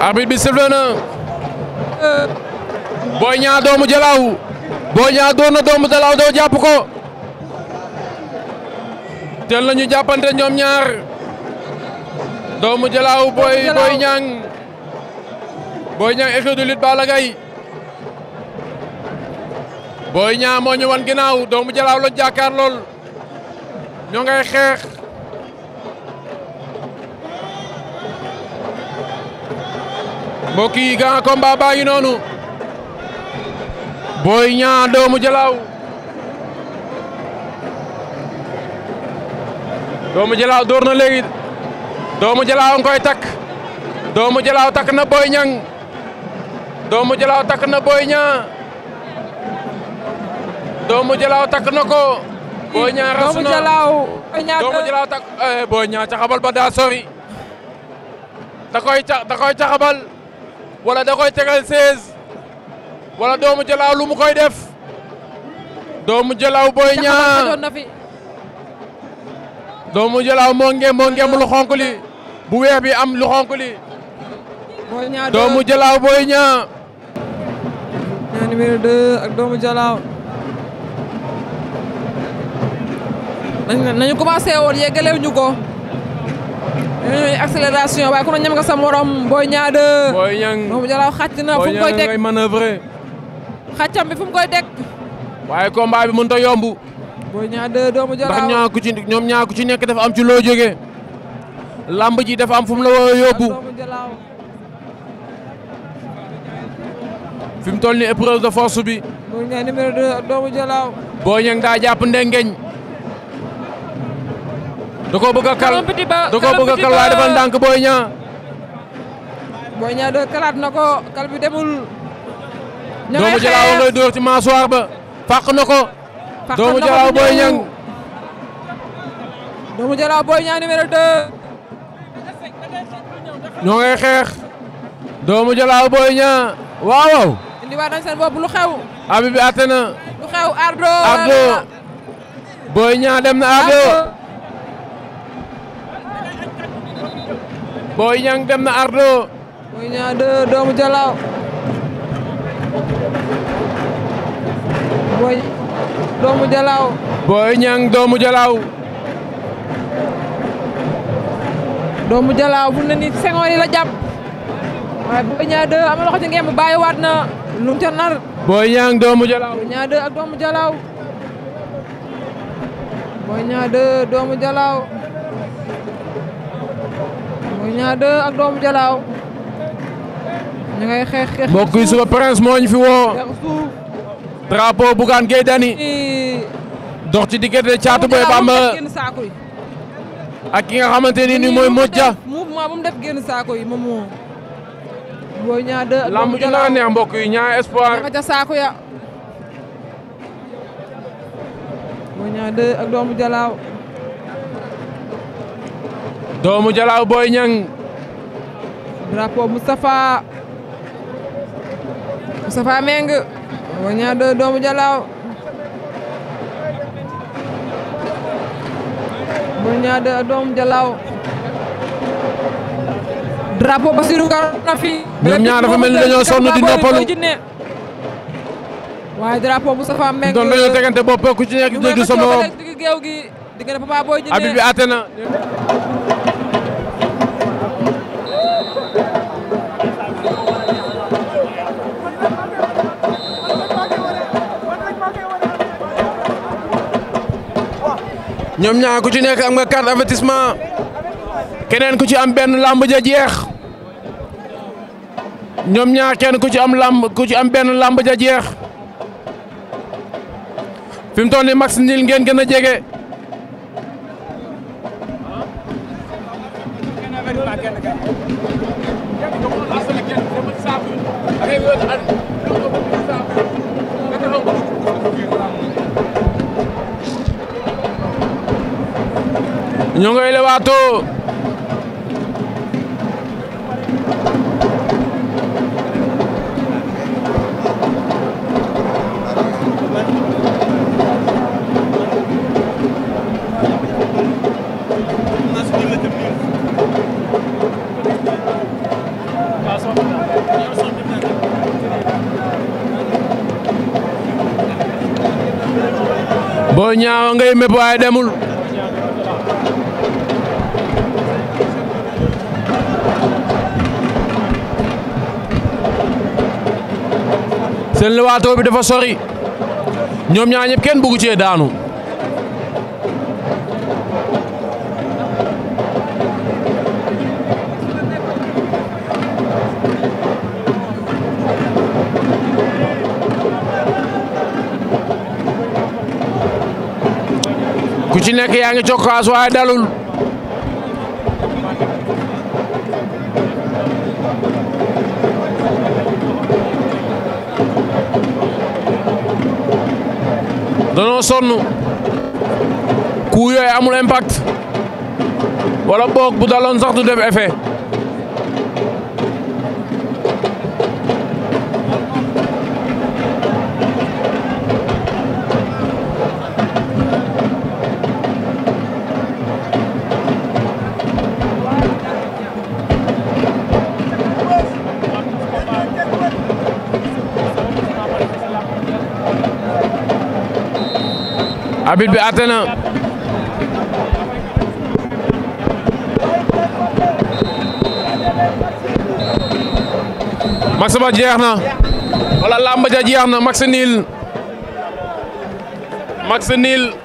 arbitre bi sifflé na Boy Niang doomu Jalaaw Boy Niang doon doomu Jalaaw doo jàpp ko jël nañu jàppante ñoom ñaar doomu Jalaaw Boy Boy Niang Boy Niang école de lutte Balla Gaye Boy Niang moo ñu wan ginnaaw doomu Jalaaw lañu jàkkaar lool ñoo ngay mbokk yi grand combat baa ngi noonu Boy Niang doomu Jalaaw doomu Jalaaw dóor na léegi doomu Jalaaw nga koy takk doomu Jalaaw takk na Boy Niang doomu Jalaaw takk na Boy Niang doomu Jalaaw takk na ko Boy Niang ras na doomu Jalaaw takk eh, Boy Niang caxabal ba daa sori da koy da koy wala da koy tegal 16 wala doomu jalaaw lu mu koy def doomu jalaaw booy ñaa doomu jalaaw moo nge lu xonk bu weex bi am lu xonk li doomu jalaaw booy ñaa ñaa numéro 2 ak doomu jalaaw nañu commencé woon yeggalew ñu ko accélération waaye ku ne ñam nga sa morom Boy Niang 2. Boy Niang moomu Jalaaw xàcc na fu mu koy teg Boy Niang ngay bi fu koy teg. waaye combat bi yomb. Boy Niang 2 ci ñoom ñaa ku ci nekk dafa am ci loo jógee. lamb ji dafa am fu mu la war a yóbbu. fi mu toll nii épreuve de force bi. Boy Niang numéro 2 doomu Jalaaw. Boy Niang daa jàpp ndengeñ. da koo bëgg a da koo ndànk Boy Niang. Boy Niang doo kalaat na ko kal bi demul. doomu jalaaw ngay dóor ci maasoir ba fàq na ko. doomu jalaaw Boy Niang. ñoo ngay xeex. doomu jalaaw Boy Niang waaw waaw. indi waat nañ lu xew. abi bi àtte na. lu xew Ardo Ardo. Boy dem na Ardo. Boy Niang dem na Ardo. Boy Niang 2 doomu jalaw Boy doomu Jalaaw. Boy Niang doomu Jalaaw. doomu Jalaaw bu ne ni sengoor yi la jàpp waaye Boy Niang 2 am na loxo ci ngeen bàyyiwaat na lu mu ca doomu Jalaaw. Boy Niang 2 doomu Jalaaw. Niang 2 ak doomu Jalaaw ñu xeex xeex mbokk yi suba prince moo ñu fi woo drapeau Bougane Gueye dox ci diggante caatu boy Bamba ak ki nga xamante ni ni mooy Modja mouvement bu mu def génn saako yi moom moo ñaa espoir nga ca saako ya ak doomu Jalaaw doomu Jalaaw Boy Niang drapeau Moustapha Moustapha Meng Boy Niang 2 Domou Dialaw Boy Niang 2 Domou Dialaw drapeau Bassirou Karo na fi ñoom ñaar dafa mel ni dañoo sonn di noppalu waaye drapeau Moustapha Meng doon dañoo tegante bopp ku ci nekk jéggi sa moom digg géew gi diggante Papa Boy Djiné abi bi àtte na ñoom ñaa ku ci nekk am nga carte avertissement keneen ku ci am benn làmb ja jeex ñoom ñaa kenn ku ci am làmb ku ci am benn làmb ja jeex fi mu toll nii max niil ngeen gën a jege. ñu ngay lewaatoo Boy Niang ngay mépp waaye demul seen lewaatoo bi dafa sori ñoom ñaar ñëpp kenn bëggu daanu ku ci nekk yaa ngi cokkaas waaye dalul danoo sonn ku yooyu amul impact wala boog bu daloon sax du def effet. abit bi àtte na max ba jeex na wala làmb ja jeex na max niil max niil